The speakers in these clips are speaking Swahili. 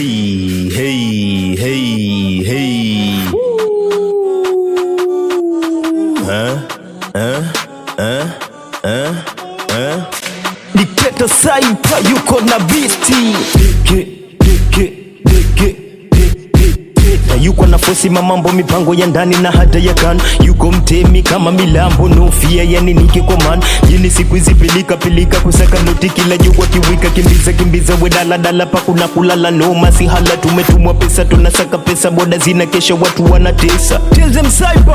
Hey, hey, hey, hey. Huh? Saipa yuko na biti. yuko na fosi mamambo mipango ya ndani na hata ya kan yuko mtemi kama milambo nofia yani nike kwa man jini siku hizi pilika pilika kusaka noti kila jukwa kiwika kimbiza kimbiza we dala dala kuna kulala no masi hala tumetumwa pesa tunasaka pesa boda zina kesha watu wanatesa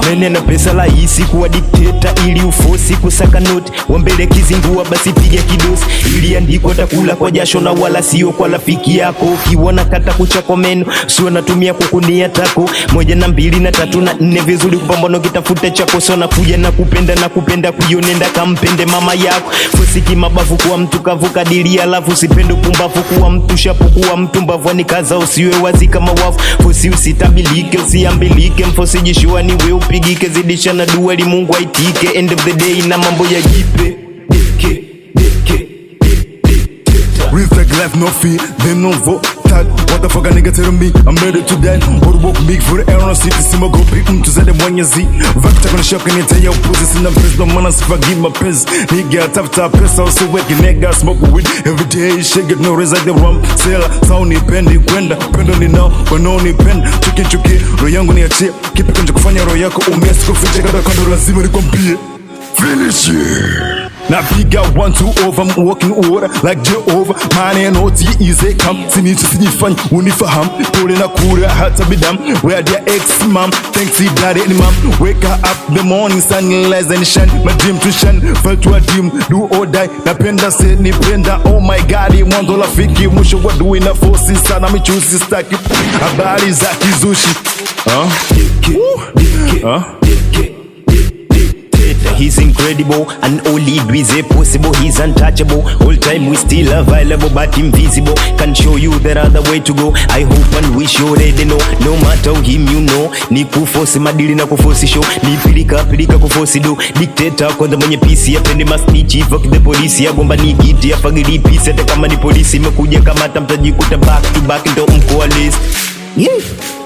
mene na pesa isi kuwa dikteta ili ufosi kusaka noti wambele kizingua basi piga kidosi ili andiko takula kwa jasho na wala sio kwa rafiki yako ukiwa kata kucha kwa meno sio natumia kukunia taku moja na mbili na tatu na nne vizuri kupambana kitafuta chako na kuja na kupenda na kupenda kuyonenda kampende mama yako kusiki mabavu kuwa mtu kavuka dili alafu sipendo pumbavu kuwa mtu shapu kuwa mtu mbavu ni kaza usiwe wazi kama wafu fusi usitabilike usiambilike mfosi jishua ni wewe upigike zidisha na dua li Mungu aitike end of the day na mambo ya jipe dike dike dike dike dike dike dike dike dike dike dike tal What the fuck a nigga tell me I'm ready to die walk big for the air on city Sima go pick mtu mm, zaidi mwenyezi Vakta kuna shop kanitea no Sina mpenzi ndo give my piss. Nigga see where usiweke nigga Smoke weed every day Shake it no reza the rum Sela sao nipendi kwenda Pendo ni nao you Chuki chuki roho yangu niachie Kipi kanje kufanya roho yako umia Sikufiche kata you lazima nikwambie Finish it napiga one two over walking order like Jehova, maana ya noti ize kam sinicho sinifanya unifahamu kule na kura hata bidam where their ex mam thanks he bloody any mam wake up the morning sun lies and shine my dream to shine felt to a dream do or die napenda se nipenda oh my god mwanzo rafiki mwisho wa dui na force sana michuzi staki habari za kizushi huh? Huh? incredible and only Dweez possible. He's untouchable. All time we still available but invisible. Can show you there are the way to go. I hope and wish you already know. No matter him you know. Ni kufosi madili na kufosi show. Ni pilika pilika kufosi do. Dictator kwa the mwenye pc ya pende atende masnitch fuck the police. ya gomba ni giti ya fagili peace hata kama ni polisi imekuja kama kuta back to back ndo mko list. Yeah.